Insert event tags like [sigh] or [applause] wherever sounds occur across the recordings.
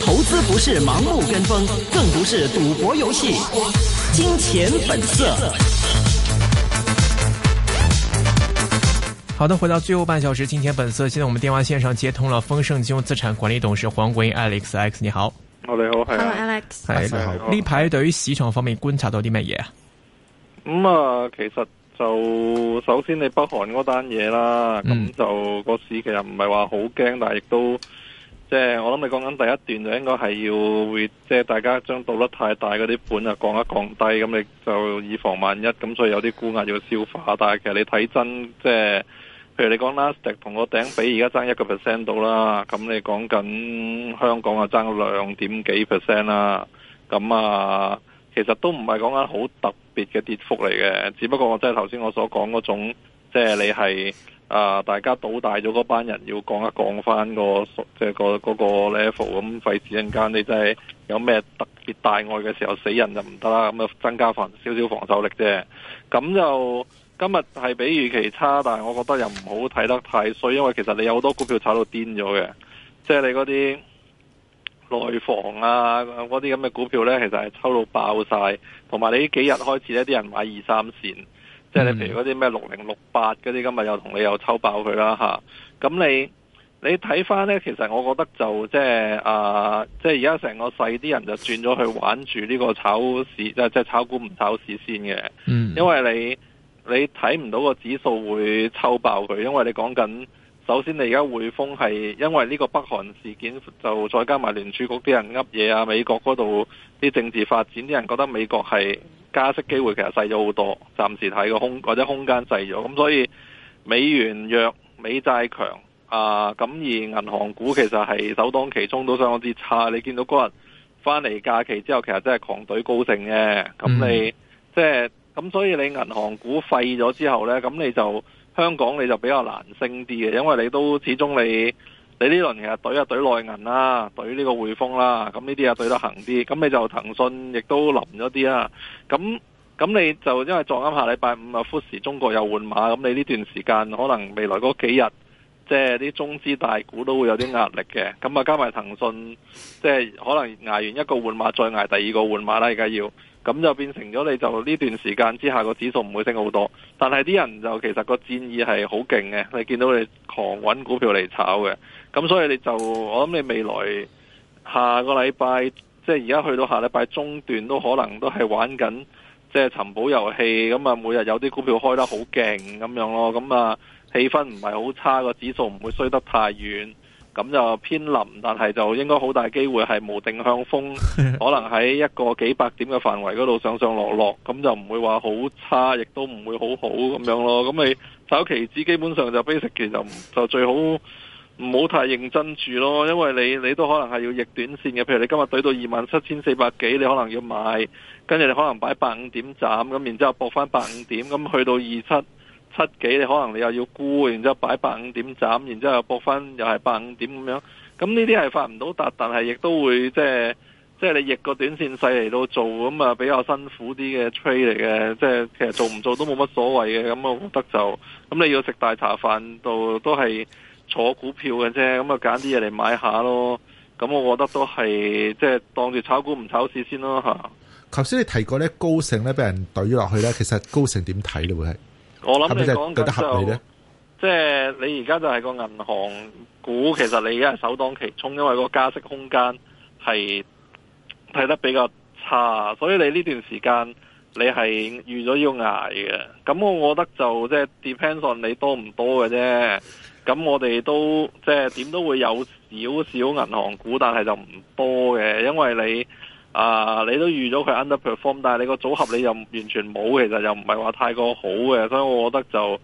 投資不是盲目跟風，更不是賭博遊戲。金錢本色。好的，回到最後半小時，金錢本色。現在我們電話線上接通了豐盛金融資產管理董事黃國英 Alex。Alex，你好。你好，係。Hello Alex，係。呢排對於市場方面觀察到啲咩嘢啊？咁啊，其實。就首先你北韓嗰單嘢啦，咁、嗯、就個市其實唔係話好驚，但係亦都即係、就是、我諗你講緊第一段就應該係要即係、就是、大家將倒率太大嗰啲本啊降一降低，咁你就以防萬一，咁所以有啲沽壓要消化。但係其實你睇真即係、就是，譬如你講 Nasdaq 同個頂比而家爭一個 percent 到啦，咁你講緊香港啊爭兩點幾 percent 啦，咁啊。其實都唔係講緊好特別嘅跌幅嚟嘅，只不過我即係頭先我所講嗰種，即係你係啊、呃、大家倒大咗嗰班人要降一降返、嗰個即係、嗰個嗰、嗰個 level，咁費事。一陣間你真係有咩特別大礙嘅時候死人就唔得啦，咁啊，增加防少少防守力啫。咁就今日係比預期差，但係我覺得又唔好睇得太衰，因為其實你有好多股票炒到癲咗嘅，即係你嗰啲。內房啊，嗰啲咁嘅股票呢，其實係抽到爆晒。同埋你呢幾日開始呢，啲人買二三線，即係你譬如嗰啲咩六零六八嗰啲，今日又同你又抽爆佢啦嚇。咁、啊、你你睇翻呢，其實我覺得就即係啊，即係而家成個世啲人就轉咗去玩住呢個炒市，即係炒股唔炒市先嘅，嗯、因為你你睇唔到個指數會抽爆佢，因為你講緊。首先，你而家匯豐係因為呢個北韓事件，就再加埋聯儲局啲人噏嘢啊，美國嗰度啲政治發展，啲人覺得美國係加息機會其實細咗好多，暫時睇個空或者空間細咗。咁所以美元弱、美債強，啊，咁而銀行股其實係首當其衝都相當之差。你見到嗰日翻嚟假期之後，其實真係狂隊高盛嘅。咁你即係咁，嗯哼就是、所以你銀行股廢咗之後呢，咁你就。香港你就比較難升啲嘅，因為你都始終你你呢輪其實對啊對內銀啦，對呢個匯豐啦，咁呢啲啊對得行啲。咁你就騰訊亦都臨咗啲啊。咁咁你就因為撞啱下禮拜五啊，富時中國又換馬，咁你呢段時間可能未來嗰幾日，即係啲中資大股都會有啲壓力嘅。咁啊，加埋騰訊，即係可能捱完一個換馬，再捱第二個換馬啦，而家要。咁就變成咗，你就呢段時間之下個指數唔會升好多，但係啲人就其實個戰意係好勁嘅，你見到你狂揾股票嚟炒嘅，咁所以你就我諗你未來下個禮拜，即係而家去到下禮拜中段都可能都係玩緊即係尋寶遊戲，咁啊每日有啲股票開得好勁咁樣咯，咁啊氣氛唔係好差，個指數唔會衰得太遠。咁就偏臨，但係就應該好大機會係無定向風， [laughs] 可能喺一個幾百點嘅範圍嗰度上上落落，咁就唔會話好差，亦都唔會好好咁樣咯。咁你炒期指基本上就 basic 就就最好唔好太認真住咯，因為你你都可能係要逆短線嘅，譬如你今日對到二萬七千四百幾，你可能要買，跟住你可能擺百五點斬，咁然之後搏翻百五點，咁去到二七。七幾你可能你又要沽，然之後擺百五點斬，然之後博翻又係百五點咁樣。咁呢啲係發唔到達，但係亦都會即係即係你逆個短線勢嚟到做，咁啊比較辛苦啲嘅 trade 嚟嘅。即係其實做唔做都冇乜所謂嘅。咁啊，我覺得就咁你要食大茶飯度都係坐股票嘅啫。咁啊，揀啲嘢嚟買下咯。咁我覺得都係即係當住炒股唔炒市先咯吓。頭先你提過咧高盛咧俾人懟落去咧，其實高盛點睇你會係？我諗你講緊就即係你而家就係個銀行股，其實你而家係首當其衝，因為個加息空間係睇得比較差，所以你呢段時間你係預咗要捱嘅。咁我我覺得就即係、就是、depends on 你多唔多嘅啫。咁我哋都即係點都會有少少銀行股，但係就唔多嘅，因為你。啊！你都預咗佢 underperform，但係你個組合你又完全冇，其實又唔係話太過好嘅，所以我覺得就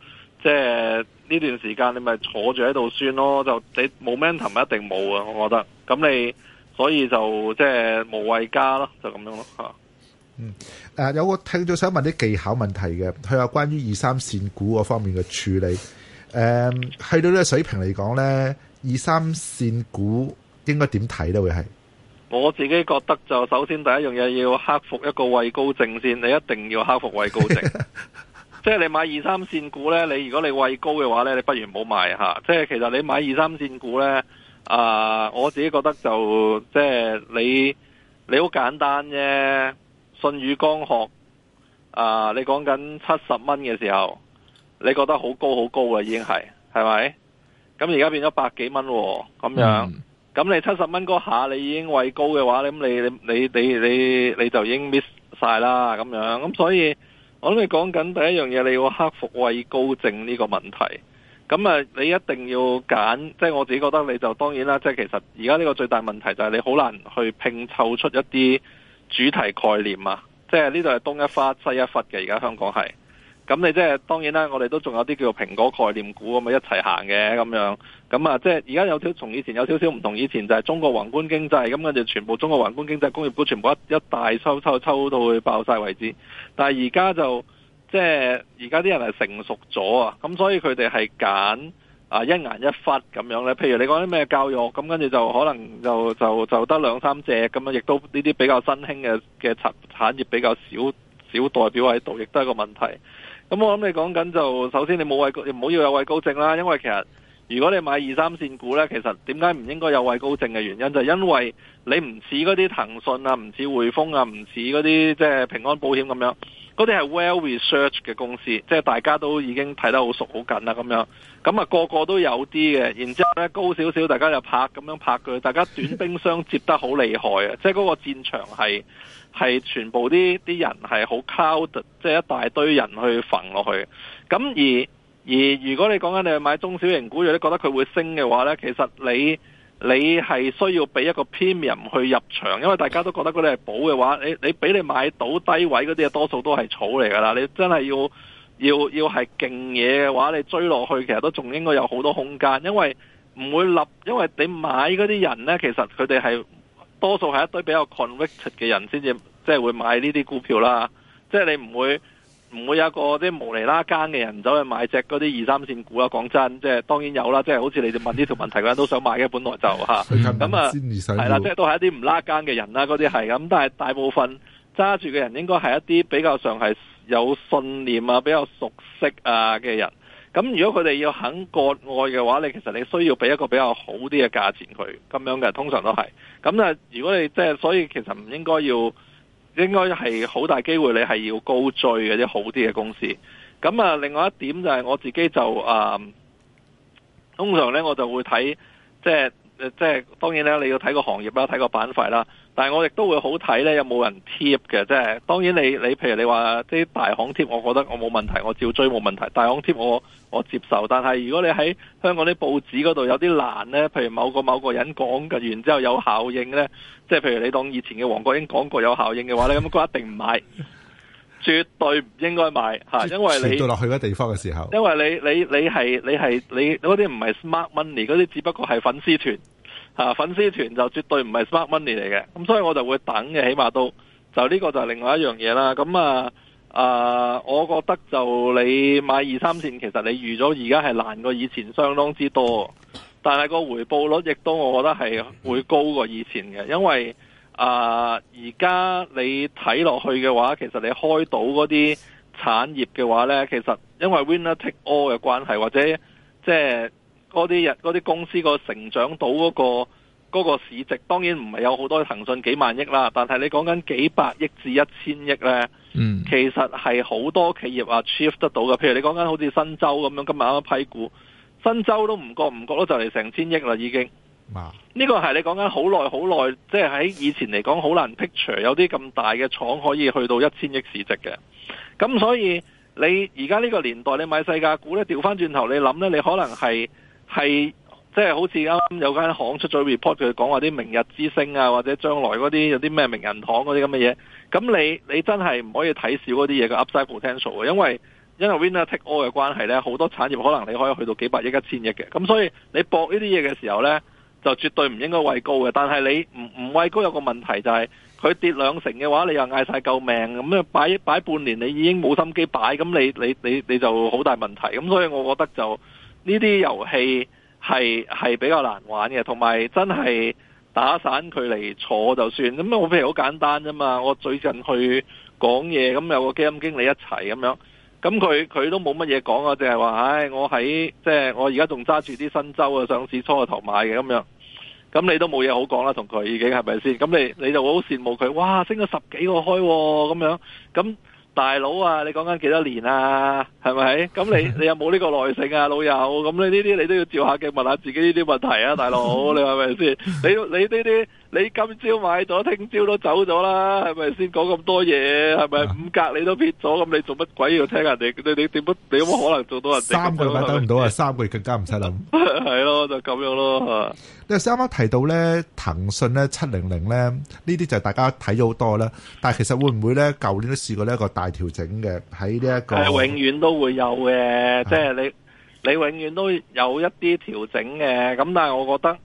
即係呢段時間你咪坐住喺度算咯。就你冇 momentum 一定冇啊！我覺得咁你所以就即係無謂加咯，就咁樣咯嚇。嗯，誒有個聽者想問啲技巧問題嘅，佢話關於二三線股嗰方面嘅處理。誒、嗯，去到呢個水平嚟講咧，二三線股應該點睇咧？會係？我自己覺得就首先第一樣嘢要克服一個畏高症先，你一定要克服畏高症。 [laughs] 即係你買二三線股呢，你如果你畏高嘅話呢，你不如唔好買嚇。即係其實你買二三線股呢，啊、呃，我自己覺得就即係你你好簡單啫。舜宇光學啊、呃，你講緊七十蚊嘅時候，你覺得好高好高嘅，已經係係咪？咁而家變咗百幾蚊喎，咁樣。嗯咁你七十蚊嗰下你已經畏高嘅話，咁你你你你你就已經 miss 晒啦咁樣。咁所以我諗你講緊第一樣嘢，你要克服畏高症呢個問題。咁啊，你一定要揀，即係我自己覺得你就當然啦。即係其實而家呢個最大問題就係你好難去拼湊出一啲主題概念啊。即係呢度係東一忽、西一忽嘅，而家香港係。咁你即係當然啦，我哋都仲有啲叫做蘋果概念股咁樣一齊行嘅，咁樣，咁啊即係而家有少從以前有少少唔同，以前就係中國宏觀經濟，咁跟住全部中國宏觀經濟工業股全部一一大抽抽抽到去爆晒為止，但係而家就即係而家啲人係成熟咗啊，咁所以佢哋係揀啊一言一忽咁樣咧，譬如你講啲咩教育咁，跟住就可能就就就得兩三隻咁樣，亦都呢啲比較新興嘅嘅產產業比較少少代表喺度，亦都係一個問題。咁我諗你講緊就，首先你冇畏高，唔好要有位高症啦。因為其實如果你買二三線股呢，其實點解唔應該有畏高症嘅原因就係、是、因為你唔似嗰啲騰訊啊，唔似匯豐啊，唔似嗰啲即係平安保險咁樣，嗰啲係 well research 嘅公司，即、就、係、是、大家都已經睇得好熟好緊啦咁樣。咁、那、啊個個都有啲嘅，然之後咧高少少大家就拍，咁樣拍佢，大家短兵相接得好厲害啊！即係嗰個戰場係。係全部啲啲人係好 crowded，即係一大堆人去焚落去。咁而而如果你講緊你去買中小型股，如果你覺得佢會升嘅話呢，其實你你係需要俾一個 premium 入去入場，因為大家都覺得嗰啲係保嘅話，你你俾你買到低位嗰啲，多數都係草嚟噶啦。你真係要要要係勁嘢嘅話，你追落去，其實都仲應該有好多空間，因為唔會立，因為你買嗰啲人呢，其實佢哋係。多數係一堆比較 convicted 嘅人先至，即係會買呢啲股票啦。即係你唔會唔會有一個啲無厘拉更嘅人走去買隻嗰啲二三線股啊？講真，即係當然有啦。即係好似你哋問呢條問題嘅人都想買嘅， [laughs] 本來就嚇。咁啊，係啦，即係都係一啲唔拉更嘅人啦，嗰啲係咁。但係大部分揸住嘅人應該係一啲比較上係有信念啊、比較熟悉啊嘅人。咁如果佢哋要肯割愛嘅話，你其實你需要俾一個比較好啲嘅價錢佢，咁樣嘅通常都係。咁啊，如果你即係，所以其實唔應該要，應該係好大機會你係要高追嘅啲好啲嘅公司。咁啊，另外一點就係我自己就啊，通常呢我就會睇，即係誒，即係當然咧，你要睇個行業啦，睇個板塊啦。但係我亦都會好睇咧，有冇人 tip 嘅？即係當然你，你你譬如你話啲大行 tip 我覺得我冇問題，我照追冇問題。大行 tip 我我接受。但係如果你喺香港啲報紙嗰度有啲難咧，譬如某個某個人講嘅，然之後有效應咧，即係譬如你當以前嘅黃國英講過有效應嘅話咧，咁我一定唔買，絕對唔應該買嚇， [laughs] 因為你落去地方嘅時候，因為你你你係你係你嗰啲唔係 smart money，嗰啲只不過係粉絲團。嚇、啊，粉絲團就絕對唔係 smart money 嚟嘅，咁、啊、所以我就會等嘅，起碼都就呢個就係另外一樣嘢啦。咁啊啊，我覺得就你買二三線，其實你預咗而家係難過以前相當之多，但係個回報率亦都我覺得係會高過以前嘅，因為啊，而家你睇落去嘅話，其實你開到嗰啲產業嘅話呢，其實因為 winner take all 嘅關係，或者即係。嗰啲人、嗰啲公司個成長到嗰、嗰個嗰個市值，當然唔係有好多騰訊幾萬億啦。但係你講緊幾百億至一千億呢，嗯，其實係好多企業啊 achieve 得到嘅。譬如你講緊好似申洲咁樣，今日啱啱批股，申洲都唔覺唔覺都就嚟成千億啦已經。呢哇個係你講緊好耐好耐，即係喺以前嚟講好難 picture 有啲咁大嘅廠可以去到一千億市值嘅。咁所以你而家呢個年代，你買世界股咧，調翻轉頭你諗呢，你可能係。係即係好似啱有間行出咗 report，佢講話啲明日之星啊，或者將來嗰啲有啲咩名人堂嗰啲咁嘅嘢。咁你你真係唔可以睇少嗰啲嘢嘅 Upside Potential 喎，因為因為 Winner Take All 嘅關係呢，好多產業可能你可以去到幾百億、一千億嘅。咁所以你搏呢啲嘢嘅時候呢，就絕對唔應該畏高嘅。但係你唔唔畏高有個問題就係、是、佢跌兩成嘅話，你又嗌晒救命咁樣擺擺半年，你已經冇心機擺，咁你你你你就好大問題。咁所以我覺得就。呢啲遊戲係係比較難玩嘅，同埋真係打散佢嚟坐就算。咁我譬如好簡單啫嘛，我最近去講嘢，咁有個基金經理一齊咁樣，咁佢佢都冇乜嘢講啊，淨係話唉，我喺即係我而家仲揸住啲新洲啊，上市初個頭買嘅咁樣，咁你都冇嘢好講啦，同佢已經係咪先？咁你你就好羨慕佢，哇，升咗十幾個開咁樣，咁。大佬啊，你講緊幾多年啊？係咪？咁你你有冇呢個耐性啊？老友，咁你呢啲你都要照下嘅，問下自己呢啲問題啊，大佬，你話係咪先？你你呢啲？你今朝買咗，聽朝都走咗啦，係咪先講咁多嘢？係咪、啊、五格你都撇咗？咁你做乜鬼要聽人哋？你你點乜？你有冇可能做到人哋？三個禮拜等唔到啊！ [laughs] 三個月更加唔使諗。係咯， [laughs] 就咁樣咯。你啱啱提到咧，騰訊咧，七零零咧，呢啲就大家睇咗好多啦。但係其實會唔會咧？舊年都試過呢一個大調整嘅喺呢一個。係永遠都會有嘅，即係、啊、你你永遠都有一啲調整嘅。咁但係我覺得。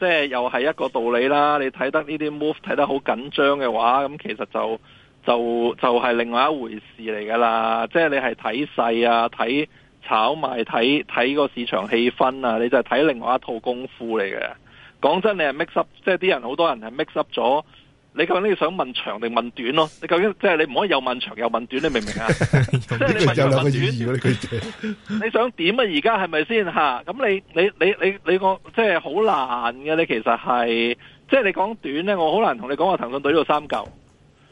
即係又係一個道理啦。你睇得呢啲 move 睇得好緊張嘅話，咁其實就就就係另外一回事嚟㗎啦。即係你係睇勢啊，睇炒賣，睇睇個市場氣氛啊，你就係睇另外一套功夫嚟嘅。講真，你係 mix up，即係啲人好多人係 mix up 咗。你究竟你想問長定問短咯？你究竟即係你唔可以又問長又問短？你明唔明啊？即係你問長問短你想點啊？而家係咪先嚇？咁你你你你你講即係好難嘅。你其實係即係你講短咧，我好難同你講話騰訊隊到三嚿。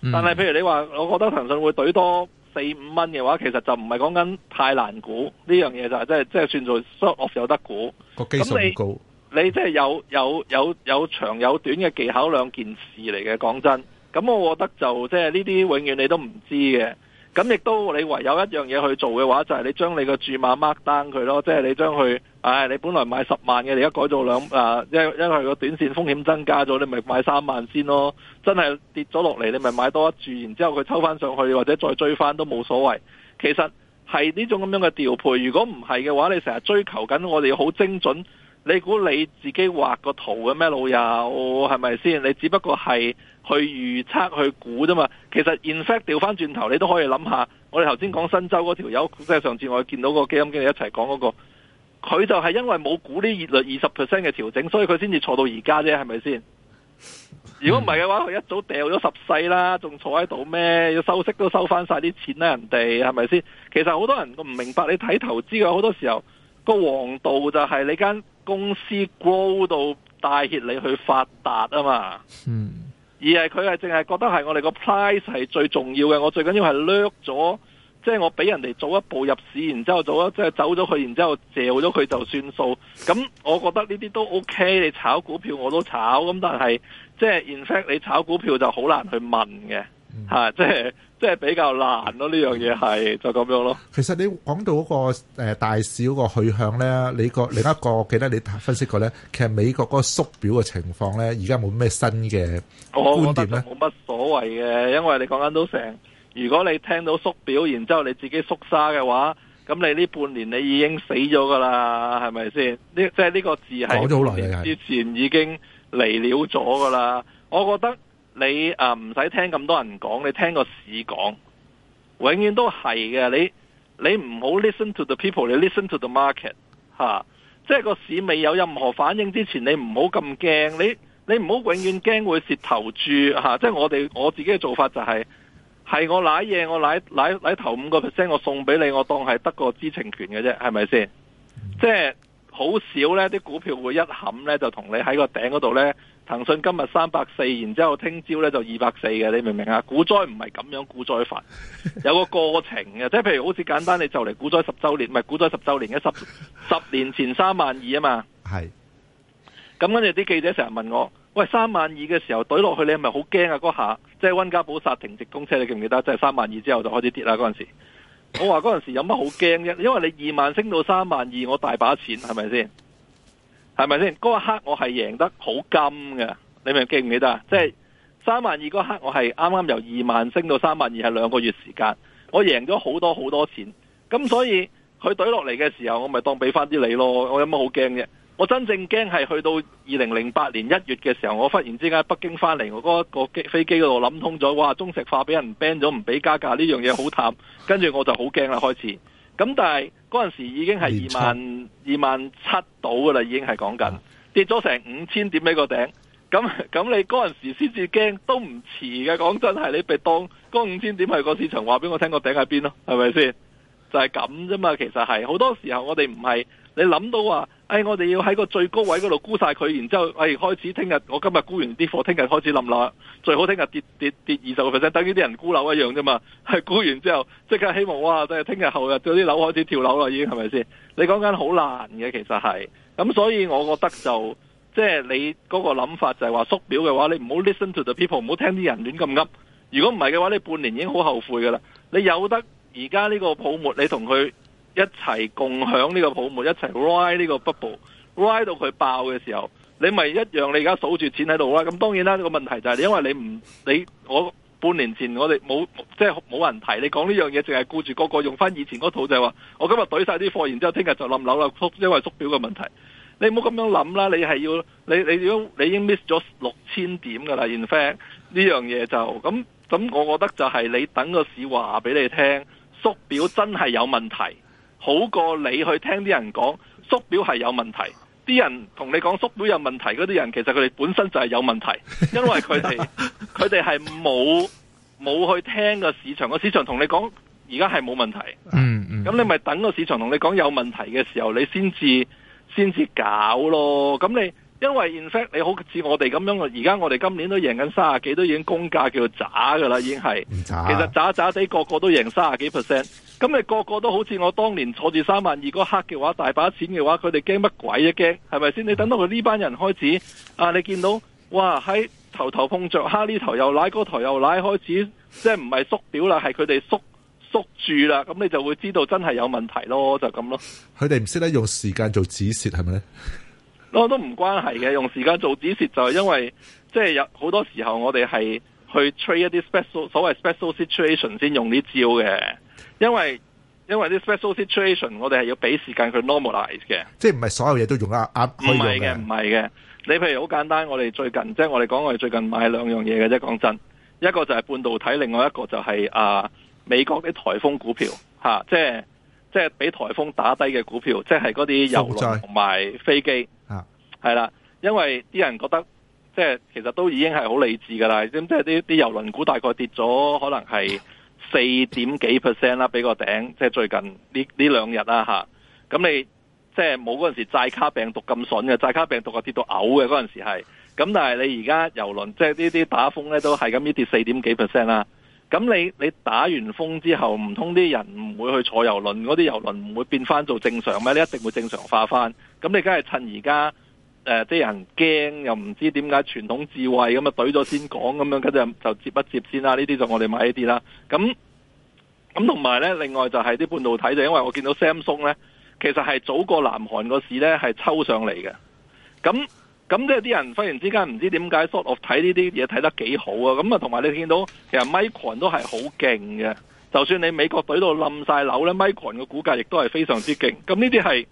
但係譬如你話，我覺得騰訊會隊多四五蚊嘅話，其實就唔係講緊太難估呢樣嘢，就係，就係即係即係算做 short 有得估個、嗯、你基你即係有有有有長有短嘅技巧兩件事嚟嘅。講真，咁我覺得就即係呢啲永遠你都唔知嘅。咁亦都你唯有一樣嘢去做嘅話，就係你將你個注碼 mark down 佢咯。即係你將佢，唉，你本來買十萬嘅，你而家改做兩啊，因因為個短線風險增加咗，你咪買三萬先咯。真係跌咗落嚟，你咪買多一注，然之後佢抽翻上去，或者再追翻都冇所謂。其實係呢種咁樣嘅調配。如果唔係嘅話，你成日追求緊，我哋好精準。你估你自己畫個圖嘅咩？老友，係咪先？你只不過係去預測、去估啫嘛。其實 in fact 調翻轉頭，你都可以諗下。我哋頭先講新州嗰條友，即係上次我見到個基金經理一齊講嗰個，佢就係因為冇估呢二率二十 percent 嘅調整，所以佢先至坐到而家啫。係咪先？ [laughs] 如果唔係嘅話，佢一早掉咗十世啦，仲坐喺度咩？要收息都收翻晒啲錢啦，人哋係咪先？其實好多人都唔明白，你睇投資嘅好多時候個王道就係你間，公司 grow 到帶挈你去發達啊嘛，而係佢係淨係覺得係我哋個 price 係最重要嘅，我最緊要係掠咗，即係我俾人哋早一步入市，然之後早一即係走咗佢，然之後借咗佢就算數，咁，嗯，我覺得呢啲都 ok，你炒股票我都炒，咁但係即係 in fact 你炒股票就好難去問嘅。吓、嗯啊，即係即係比較難咯、啊，呢樣嘢係就咁樣咯。其實你講到嗰、那個誒、呃、大市嗰個去向咧，你個另一個，我記得你分析過咧，其實美國嗰個縮表嘅情況咧，而家冇咩新嘅觀點咧。冇乜所謂嘅，因為你講緊都成，如果你聽到縮表，然之後你自己縮沙嘅話，咁你呢半年你已經死咗噶啦，係咪先？呢即係呢個字係講咗好耐、之前已經嚟了咗噶啦。是我覺得。你誒唔使聽咁多人講，你聽個市講，永遠都係嘅。你你唔好 listen to the people，你 listen to the market 嚇。即係個市未有任何反應之前，你唔好咁驚。你你唔好永遠驚會蝕頭住。嚇。即係我哋我自己嘅做法就係、係，係我攋嘢，我攋攋攋頭五個 percent，我送俾你，我當係得個知情權嘅啫，係咪先？即係好少呢啲股票會一冚呢，就同你喺個頂嗰度呢。騰訊今日三百四，然之後聽朝咧就二百四嘅，你明唔明啊？股災唔係咁樣，股災煩，有個過程嘅，即係譬如好似簡單，你就嚟，股災十周年，唔係股災十周年嘅十十年前三萬二啊嘛係是。咁跟住啲記者成日問我，喂，三萬二嘅時候懟落去，你係咪好驚啊？嗰下即係溫家寶殺停直通車，你記唔記得？即係三萬二之後就開始跌啦。嗰陣時，我話嗰陣時有乜好驚啫？因為你二萬升到三萬二，我大把錢，係咪先？係咪先？嗰一刻我係贏得好金嘅，你明記唔記得啊？即係三萬二嗰刻，我係啱啱由二萬升到三萬二，係兩個月時間，我贏咗好多好多錢。咁所以佢懟落嚟嘅時候，我咪當俾翻啲你咯。我有乜好驚啫？我真正驚係去到二零零八年一月嘅時候，我忽然之間北京返嚟，我嗰個機飛機嗰度諗通咗，哇！中石化俾人 ban 咗，唔俾加價呢樣嘢好淡，跟住我就好驚啦，開始。咁但係嗰陣時已經係二萬七二萬七到噶啦，已經係講緊跌咗成五千點喺個頂，咁咁你嗰陣時先至驚都唔遲嘅。講真係，你咪當嗰五千點係個市場話俾我聽個頂喺邊咯，係咪先？就係咁啫嘛，其實係好多時候我哋唔係你諗到話，誒、哎、我哋要喺個最高位嗰度沽晒佢，然之後誒、哎、開始聽日我今日沽完啲貨，聽日開始冧落，最好聽日跌跌跌二十個 percent，等於啲人沽樓一樣啫嘛，係沽完之後即刻希望哇，即係聽日後日到啲樓開始跳樓啦，已經係咪先？你講緊好難嘅，其實係咁，所以我覺得就即係、就是、你嗰個諗法就係話縮表嘅話，你唔好 listen to the people，唔好聽啲人亂咁噏。如果唔係嘅話，你半年已經好後悔噶啦，你有得。而家呢個泡沫，你同佢一齊共享呢個泡沫，一齊 ride 呢個 bubble ride 到佢爆嘅時候，你咪一樣你而家數住錢喺度啦。咁當然啦，呢個問題就係因為你唔你我半年前我哋冇即係冇人提，你講呢樣嘢，淨係顧住個個用返以前嗰套就係話，我今日懟晒啲貨，然之後聽日就冧樓啦，因為縮表嘅問題。你唔好咁樣諗啦，你係要你你，你已經 miss 咗六千點㗎啦 In fact，呢樣嘢就咁咁，我覺得就係你等個市話俾你聽。縮表真係有問題，好過你去聽啲人講縮表係有問題。啲人同你講縮表有問題，嗰啲人其實佢哋本身就係有問題，因為佢哋佢哋係冇冇去聽個市場，個市場同你講而家係冇問題。嗯嗯，咁你咪等個市場同你講有問題嘅時候，你先至先至搞咯。咁你。因為 in fact 你好似我哋咁樣，而家我哋今年都贏緊卅幾，都已經公價叫做渣噶啦，已經係。唔渣。其實渣渣地個個都贏卅幾 percent，咁你個個都好似我當年坐住三萬二嗰刻嘅話，大把錢嘅話，佢哋驚乜鬼啫，啊？驚係咪先？你等到佢呢班人開始，啊，你見到哇喺頭頭碰着，哈呢頭又奶，嗰頭又奶，開始即係唔係縮掉啦，係佢哋縮縮住啦，咁你就會知道真係有問題咯，就咁咯。佢哋唔識得用時間做止蝕，係咪咧？都唔關係嘅，用時間做止蝕就係、是、因為，即、就、係、是、有好多時候我哋係去 try 一啲 special 所謂 special situation 先用呢招嘅，因為因為啲 special situation 我哋係要俾時間去 normalize 嘅，即係唔係所有嘢都用壓壓區嘅，唔係嘅，唔係嘅。你譬如好簡單，我哋最近即係我哋講我哋最近買兩樣嘢嘅啫，講真，一個就係半導體，另外一個就係、是、啊美國啲台風股票吓、啊，即係即係俾台風打低嘅股票，即係嗰啲油輪同埋飛機。係啦，因為啲人覺得即係其實都已經係好理智噶啦，即係啲啲遊輪股大概跌咗可能係四點幾 percent 啦，俾個頂，即係最近呢呢兩日啦吓。咁你即係冇嗰陣時寨卡病毒咁筍嘅，寨卡病毒啊跌到嘔嘅嗰陣時係，咁但係你而家遊輪即係呢啲打風咧都係咁要跌四點幾 percent 啦。咁你你打完風之後，唔通啲人唔會去坐遊輪，嗰啲遊輪唔會變翻做正常咩？你一定會正常化翻。咁你梗係趁而家。誒，啲、呃、人驚又唔知點解，傳統智慧咁啊，懟咗先講咁樣，跟住就接一接先啦。呢啲就我哋買呢啲啦。咁咁同埋咧，另外就係啲半導體，就因為我見到 Samsung 咧，其實係早過南韓個市咧，係抽上嚟嘅。咁咁即係啲人忽然之間唔知點解，sort of 睇呢啲嘢睇得幾好啊。咁啊，同埋你見到其實 Micron 都係好勁嘅，就算你美國懟到冧晒樓咧，Micron 嘅股價亦都係非常之勁。咁呢啲係。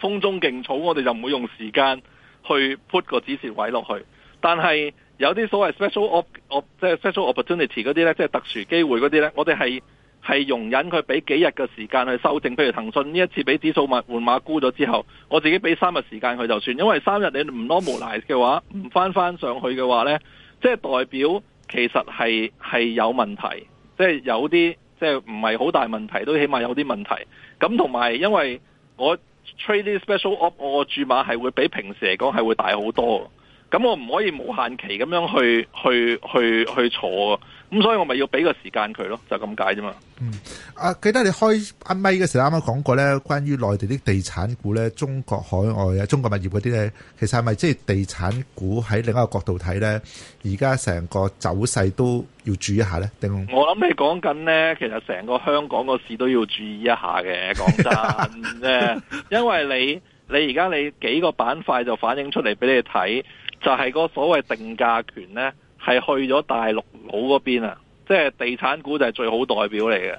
風中勁草，我哋就唔會用時間去 put 個止蝕位落去。但係有啲所謂 special op op，即係 special opportunity 嗰啲咧，即係特殊機會嗰啲咧，我哋係係容忍佢俾幾日嘅時間去修正。譬如騰訊呢一次俾指數馬換馬沽咗之後，我自己俾三日時間佢就算。因為三日你唔 normalize 嘅話，唔翻翻上去嘅話咧，即係代表其實係係有問題，即係有啲即係唔係好大問題，都起碼有啲問題。咁同埋因為我，trade 啲 special op，我注碼係會比平時嚟講係會大好多，咁我唔可以無限期咁樣去去去去坐。咁所以我咪要俾個時間佢咯，就咁解啫嘛。嗯，啊，記得你開阿咪嘅時候啱啱講過咧，關於內地啲地產股咧，中國海外啊，中國物業嗰啲咧，其實係咪即係地產股喺另一個角度睇咧，而家成個走勢都要注意一下咧？定我諗你講緊咧，其實成個香港個市都要注意一下嘅，講真咧， [laughs] 因為你你而家你幾個板塊就反映出嚟俾你睇，就係個所謂定價權咧。係去咗大陸佬嗰邊啊！即係地產股就係最好代表嚟嘅。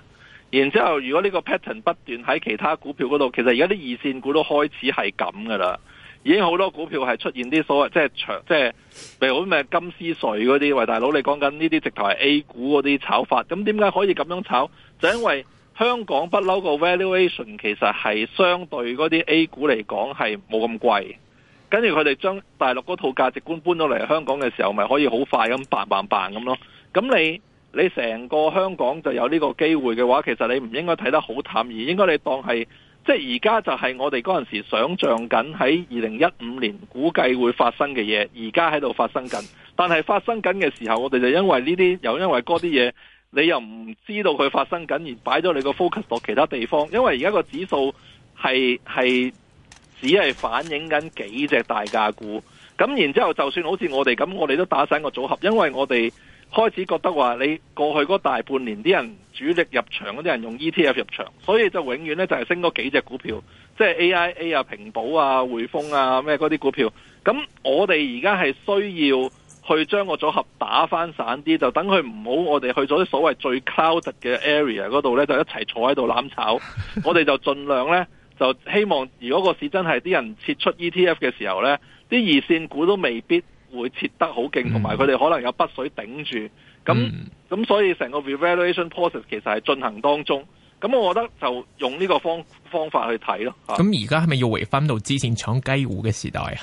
然之後，如果呢個 pattern 不斷喺其他股票嗰度，其實而家啲二線股都開始係咁噶啦。已經好多股票係出現啲所謂即係長，即係譬如好咩金絲瑞嗰啲。喂，大佬，你講緊呢啲直頭係 A 股嗰啲炒法。咁點解可以咁樣炒？就因為香港不嬲個 valuation 其實係相對嗰啲 A 股嚟講係冇咁貴。跟住佢哋將大陸嗰套價值觀搬咗嚟香港嘅時候，咪可以好快咁 bang bang bang 咁咯。咁你你成個香港就有呢個機會嘅話，其實你唔應該睇得好淡，而應該你當係即係而家就係、是、我哋嗰陣時想象緊喺二零一五年估計會發生嘅嘢，而家喺度發生緊。但係發生緊嘅時候，我哋就因為呢啲又因為嗰啲嘢，你又唔知道佢發生緊，而擺咗你個 focus 到其他地方。因為而家個指數係係。只係反映緊幾隻大價股，咁然之後就算好似我哋咁，我哋都打散個組合，因為我哋開始覺得話，你過去嗰大半年啲人主力入場嗰啲人用 ETF 入場，所以就永遠咧就係、是、升嗰幾隻股票，即係 AIA 啊、平保啊、匯豐啊咩嗰啲股票。咁我哋而家係需要去將個組合打翻散啲，就等佢唔好我哋去咗啲所謂最 crowded 嘅 area 嗰度咧，就一齊坐喺度攬炒。我哋就盡量呢。就希望，如果個市真係啲人撤出 ETF 嘅時候呢，啲二線股都未必會撤得好勁，同埋佢哋可能有筆水頂住。咁咁、嗯，所以成個 revaluation process 其實係進行當中。咁我覺得就用呢個方方法去睇咯。咁而家係咪要回翻到之前搶雞糊嘅時代啊？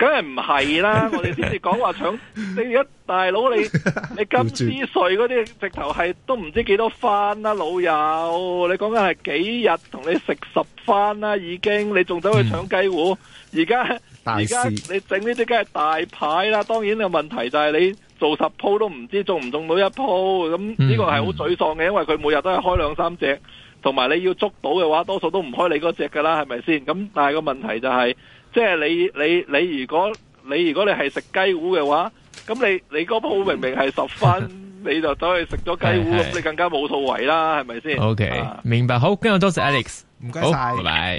梗係唔係啦！ [laughs] 我哋先至講話搶你一大佬，你 [laughs] 你金絲穗嗰啲直頭係都唔知幾多番啦，啊，老友！你講緊係幾日同你食十番啦，啊，已經你仲走去搶雞糊？而家而家你整呢啲梗係大牌啦！當然個問題就係你做十鋪都唔知中唔中到一鋪，咁呢個係好沮喪嘅，因為佢每日都係開兩三隻，同埋你要捉到嘅話，多數都唔開你嗰隻噶啦，係咪先？咁但係個問題就係、是。即係你你你如，你如果你如果你係食雞糊嘅話，咁你你嗰鋪明明係十分， [laughs] 你就走去食咗雞糊，咁， [laughs] 你更加冇數為啦，係咪先？OK 明白，好，今日多謝 Alex，唔該晒，拜拜。 [laughs]